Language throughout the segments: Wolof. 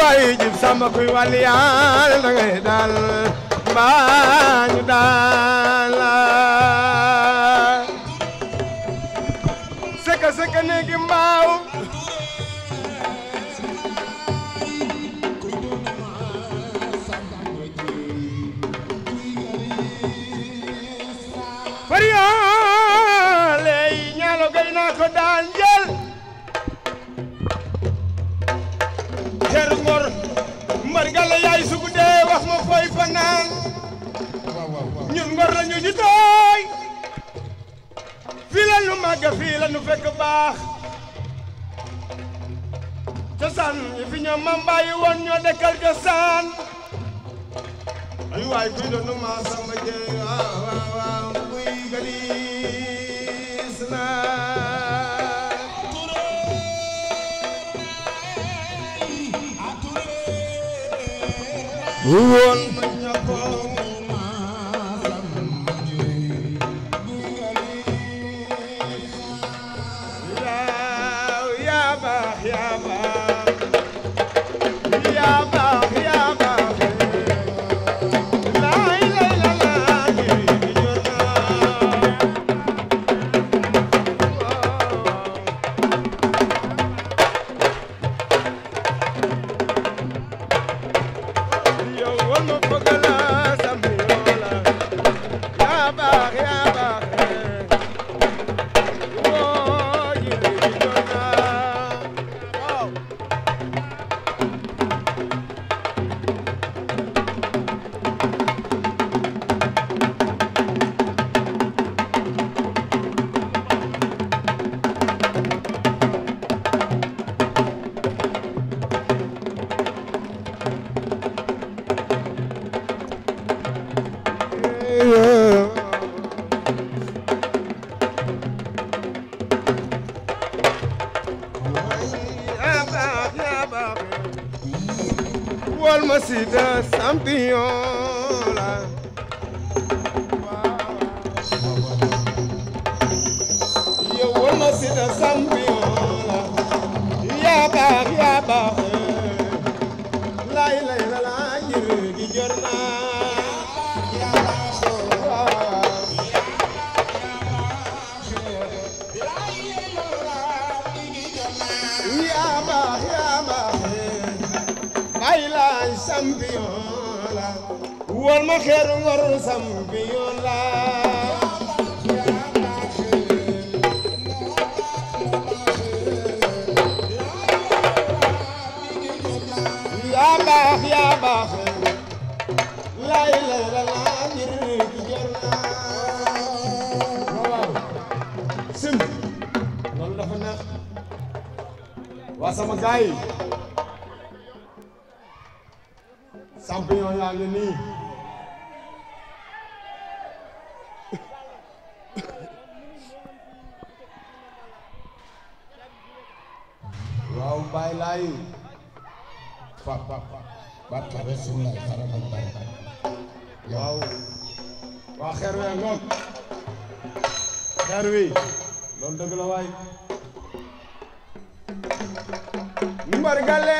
ay jib sàmm kuy wàll yàlla da ngay daal mbaa ñu daal la seka seka Cheikh Ngor Mbar yaay su guddee wax ma fooy fanaan ñun Ngor la ñu ñu tooy fii fekk baax cosaan yi fi ñoom mam bàyyi woon cosaan ay waay kuy doonu maa samba jee waaw woon the yaa baax yaa baax. lay lay la laa njëriñ gi jor yaa baax yaa baax. champion la wol ma xeeru ngor champion la waa sama gaay loxo yaa ngi nii waaw bàyyi waa xeer we ngoog xeer wi loolu dëgg la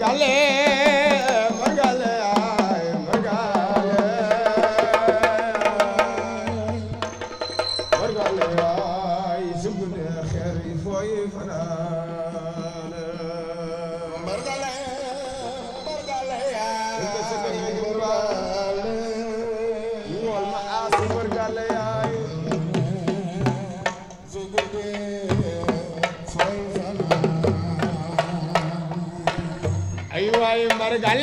jàllee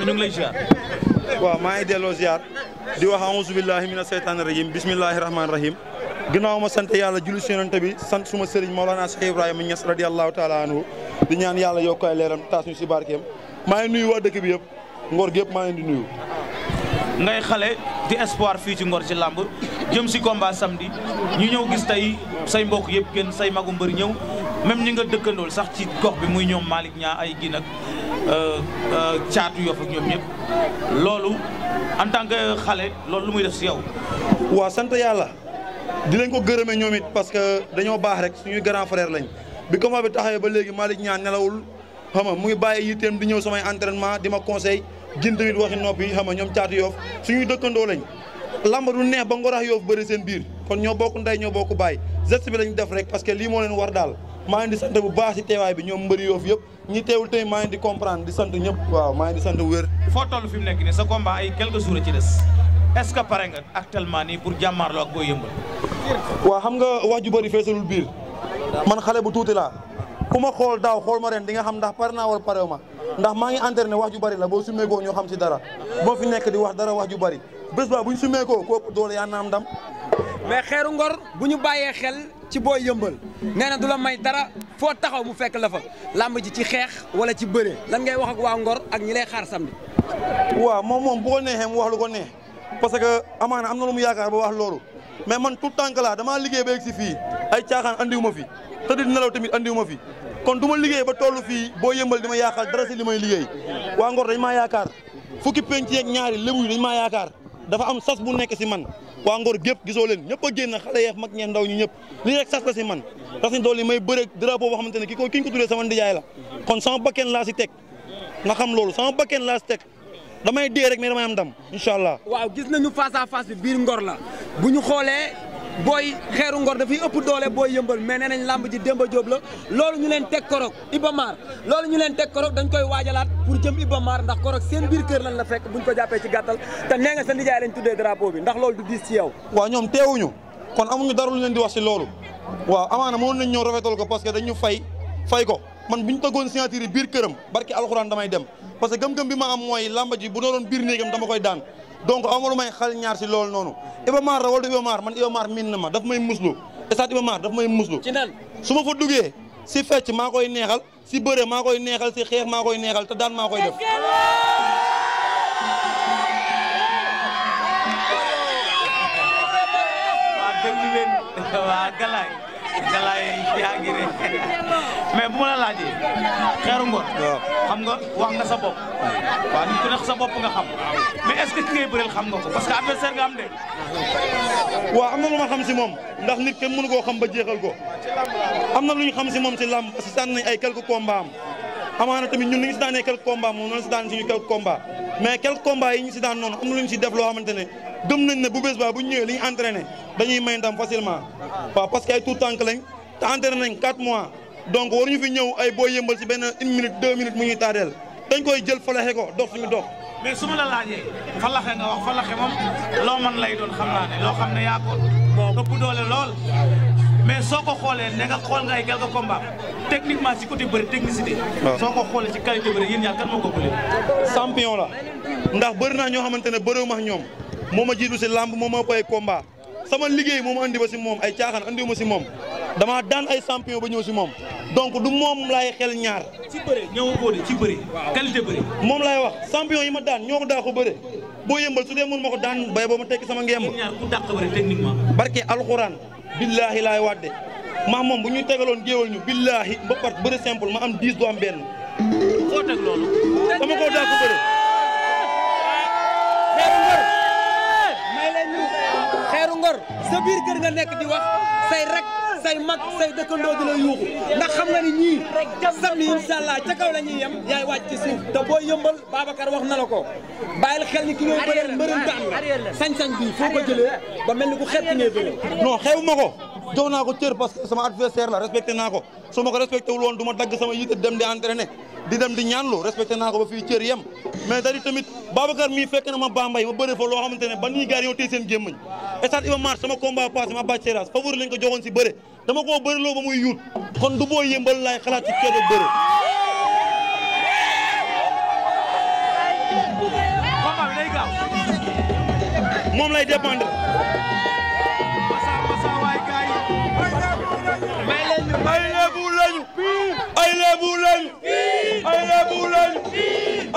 Senghor waaw maa ngi delloo ziar di wax a aouzu billahi mina seytaani rajim bismillahi rahmaani rahim ginnaaw ma sant yàlla julli si yonent bi sant suma moo Maolana Cheikh Ibrahima Niass radiyallahu taala anhu di ñaan yàlla yokk ay leeram taas ñu si barkeem maa ngi nuyu waa dëkk bi yëpp Ngor gi yëpp maa ngi leen nuyu. ngay xale di espoir fii ci Ngor ci làmb jëm si combat samedi ñu ñëw gis tey say mbokk yëpp kenn say magu mbër ñëw même ñi nga dëkkandool sax ci gox bi muy ñoom Malick ñaa ay gi Euh, euh, caatu Yoff ak ñoom ñëpp loolu en tant que xale loolu lu muy def si yow. waaw sant yàlla di lañ ko gërëmee ñoom it parce que dañoo baax rek suñuy grand frère lañ bi combat bi taxawee ba léegi Malick ñaan nelawul xam nga mu ngi bàyyi di ñëw samay entraînement di ma conseil jën tamit waxi noppi xam ñoom caatu Yoff suñuy dëkkandoo lañ. lamba du neex ba ngorax Yoff bëri seen biir kon ñoo bokk ndey ñoo bokk bàyyi geste bi lañ def rek parce que lii moo leen war daal. maa ngi di sant bu baax si teewaay bi ñoom mbëri yoofu yëpp ñi teewul tey maa ngi di comprendre di sant ñëpp waaw maa ngi di sant wér foo toll fi mu nekk nii sa combat ay quelques jours ci des est ce que pare nga actuellement nii pour jàmmaarloo ak Boy Yeumbeul waaw xam nga wax ju bëri feesalul biir man xale bu tuuti laa ku ma xool daaw xool ma ren di nga xam ndax pare naa wala parew ma ndax maa ngi entraîné wax ju bëri la boo sumee ñoo xam si dara boo fi nekk di dara wax ju bëri bés ba bu ñu sumee koo koo doole yaa mais xeeru ngor bu ñu bàyyee xel ci boo yëmbal nee na du la may dara foo taxaw mu fekk la fa ci ci xeex wala ci bëre lan ngay wax ak waa ngor ak ñi lay xaar samedi. waaw moom moom bu neexee mu wax lu ko neex parce que amaana am na lu mu yaakaar ba wax loolu mais man tout temps que laa damaa liggéey ba yegg si fii ay caaxaan andiwu ma fi te di nelaw tamit andiwu ma fi kon du ma liggéey ba toll fii boo yëmbal di ma yaakaar dara si li may liggéey waa ngor dañ yaakaar fukki penc yeeg ñaari lébu yi dañ dafa am sas bu nekk si man waa Ngor gépp gisoo leen ñëpp a génn xale yeef mag ñeen ndaw ñu ñëpp lii rek sas la si man sas ni dool yi may bëre drapeau boo xamante ne ki ko ki ñu ko tuddee sama ndijaay la kon sama bakken laa si teg nga xam loolu sama bakken laa si teg damay dee rek mais damay am ndam incha allah waaw gis nañu face à face bi biir Ngor la bu ñu xoolee booy xeeru ngor dafay ëpp doole booy yëmbal mais nee nañ làmb ji Demba Diop la loolu ñu leen teg korog Ibamar loolu ñu leen teg korog dañ koy waajalaat pour jëm Ibamar ndax korog seen biir kër lan la fekk buñ ko jàppee ci gàttal te nee nga sa nijaay lañ tuddee drapeau bi ndax loolu du diis ci yow waaw ñoom teewuñu kon amuñu dara lu leen di wax ci loolu waaw amaana mënoon nañ ñëw rafetal ko parce que dañu fay fay ko man bu ñu tëggoon signature yi biir këram barki alxuraan damay dem parce que gëm-gëm bi ma koy daan donc aw ma may xel ñaar si lool noonu Iba Mar la wala Iba man Iba miin na ma daf may muslu stade Iba Mar daf may muslu su ma fa duggee si fecc maa koy neexal si bëre maa koy neexal si xeex maa koy neexal te daan maa koy def galaay mais bu ma la laajee Xeeru Ngor. xam nga wax nga sa bopp. waaw nit ku nekk sa bopp nga xam. mais est-ce que ki ngay bëreel xam nga ko parce que adversaire nga am de. waaw am na lu ma xam si moom ndax nit kenn mënu koo xam ba jeexal ko. am na lu ñu xam si moom si làmb si sànni ay quelques combats am. amaana tamit ñun li ñu si daanee quelques combats moom noonu si daan suñu quelques combats mais quelques combats yi ñu si daan noonu am na lu ñu si def loo xamante ne nañ ne bu bés ba bu ñëwee li ñu dañuy may ndam facilement waaw parce ay tout tànk te entraîné nañ 4 mois donc waruñu fi ñëw ay boo yëmbal si benn une minute deux minutes mu ñuy taadeel dañ koy jël falaxe ko dox suñu dox mais su ma la laajee falaxe nga wax falaxe moom loo mën lay doon xam naa ne mais soo ko xoolee ne nga xool nga ay quelques combats techniquement si côté bëri technicité. waaw soo ko xoolee si qualité bëri yéen ñaar kan moo ko bëri. champion la ndax bëri naa ñoo xamante ne bëriwu ma ñoom moo ma jiitu si làmb moo ma ëpp ay sama liggéey moo ma indi ba si moom ay caaxaan andiwu ma si moom damaa daan ay champion ba ñëw si moom donc du moom laay xel ñaar. ci bëri ñëw ko de ci bëri. qualité bëri. moom laay wax champion yi ma daan ñoo ko daa ko bëre boo yëmbal su dee mën ma ko daan bay boo ma tekki sama ngemb. ñaar ku dàq bëri billaahi laay wadde maa moom bu ñu tegaloon géewal ñu billaahi mbappat bëri simple ma am 10 du am benn. foo teg loolu. dama ko daa ko bëri. xeeru nekk di wax say rak. say mag say dëkkandoo di la yuuxu ndax xam nga ni ñii samedi incha allah ca kaw la ñuy yem yaay wàcc suuf te booy yëmbal Babacar wax na la ko bàyyil xel ni ki ngay bëreel mbërëntaan la sañ-sañ bi foo ba jëlee ba mel ni ku xeet ki ngay bëreel non xew ma ko jox naa ko cër parce sama adversaire la respecté naa ko su ma ko respecté wul woon du ma dagg sama yitte dem di entraîné di dem di ñaanlu naa ko ba fii cër yem mais dari tamit Babacar mii fekk na ma Bambey ma ne ba nii seen gémmañ ma bàcceeraas favori lañ ko joxoon si bëre dama koo bëriloo ba muy yuut kon du booy yëmbal laay xalaat ci kedo bëre moom lay dépendre ay lebu lañu lañu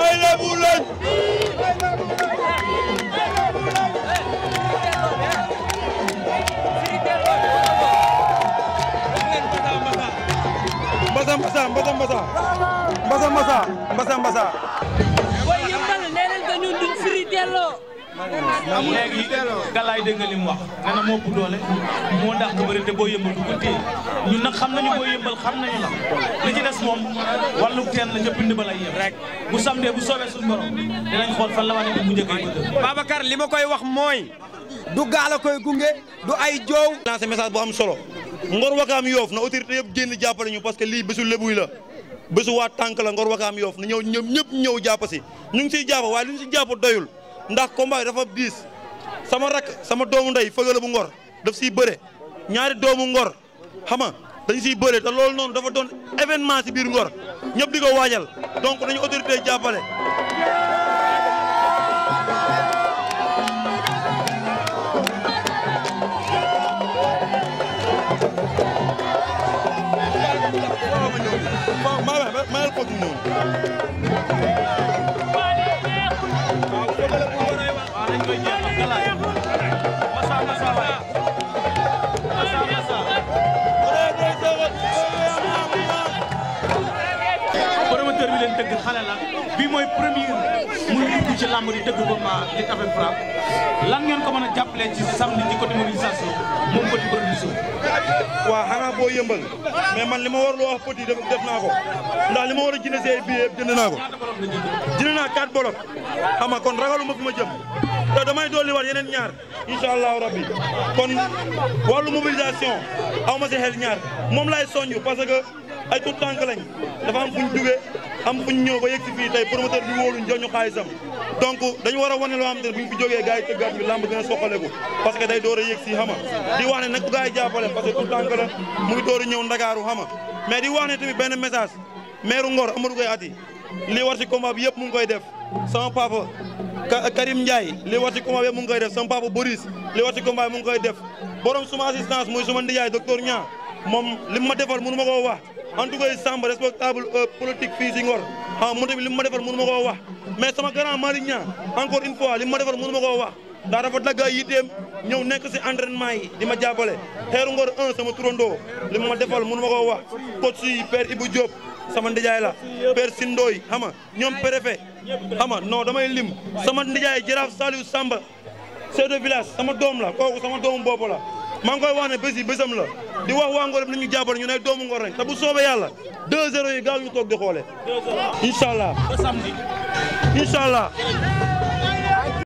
ay lebu lañu lañu mbasa mbasa mbasa mbasa mbasa mbasa mbasa mbasa booy yëmbal nee nañ ko ñun duñ firi delloo amul léegi galaay dégg nga li mu wax nee na moo ëpp doole moo dàq bëri te boo yëmbal du ko téye ñun nag xam nañu boo yëmbal xam nañu la li ci des moom wàllu teen la ca bind ba lay yem rek bu samdee bu soobee suñu borom dinañ xool fan la wane bu njëkk ay bëgg Babacar li ma koy wax mooy du gaal a koy gunge du ay joow lancé message bu am solo ngor wakaam yoof na autorité yëpp génn jàppale ñu parce que lii bésu lébuy la bésu waa tànk la ngor wakaam yoof na ñëw ñoom ñëpp ñëw jàpp si ñu ngi siy jàpp waaye lu ñu si jàpp doyul ndax combat dafa diis sama rak sama doomu ndey fëgala bu ngor daf siy bëre ñaari doomu ngor xam nga dañ siy bëre te loolu noonu dafa doon événement si biir ngor ñëpp di ko waajal donc nañu autorité jàppale foog noonu. waaw fële bu war a wax. waaw dañ koy jeex bi leen dëgg xale la bii mooy premier muy dugg ci làmb di dëgg ba ma li avec frappe lan ngeen ko mën a jàppalee ci samedi ci côté mobilisation moom côté production. waaw xanaa boo yëmbal mais man li ma war loo wax petit def def naa ko ndax li ma war a jënd see billet yëpp naa ko jënd naa quatre bolok xam nga kon ragaluma fu ma jëm te damay dolli waat yeneen ñaar incha allahu rabbi kon wàllu mobilisation aw ma si xel ñaar moom laay soññ parce que ay tout tànk lañ dafa am am fu ñu ñëw ba yegg si fii tey promoteur bi wóoluñ joñu xaalisam donc dañu war a wane loo xam te ne bu fi jógee gën a soxaleku parce que day door a yegg si xama di wax ne nag bu gars parce que tout tànk la mu ngi door a mais di wax ne tamit benn message maire Ngor Amadou Gueye Ati li war ci combat bi yëpp mu ngi koy def sama papa Karim Ndiaye li war ci combat bi yëpp mu ngi koy def sama papa Boris li war ci combat bi mu ngi koy def borom suma assistance muy suma ndiyaay docteur Niang moom li ma defal mënu ma koo wax en tout cas Samba respectable euh, politique fii si Ngor ah moto bi li mu ma defar ma koo wax mais sama grand Malick Niang encore une fois li mu ma defar ma koo wax daa dafa dagg ay yitteem nekk si entraînement yi di ma jàppale xeeru sama turandoo li mu ma defal mënu ma koo wax coach yi père Ibou sama ndijaay la père Sindooy xam nga ñoom préfet xam nga non damay sama ndijaay jaraaf Saliou Samba chef de village sama doom la kooku sama doomu la maa ngi koy wax ne bés yi bésam la di wax waa Ngor nañu jàppale ñu ne doomu Ngor lañ te bu soobee yàlla 2 yi gaaw ñu toog di xoole. incha allah incha allah.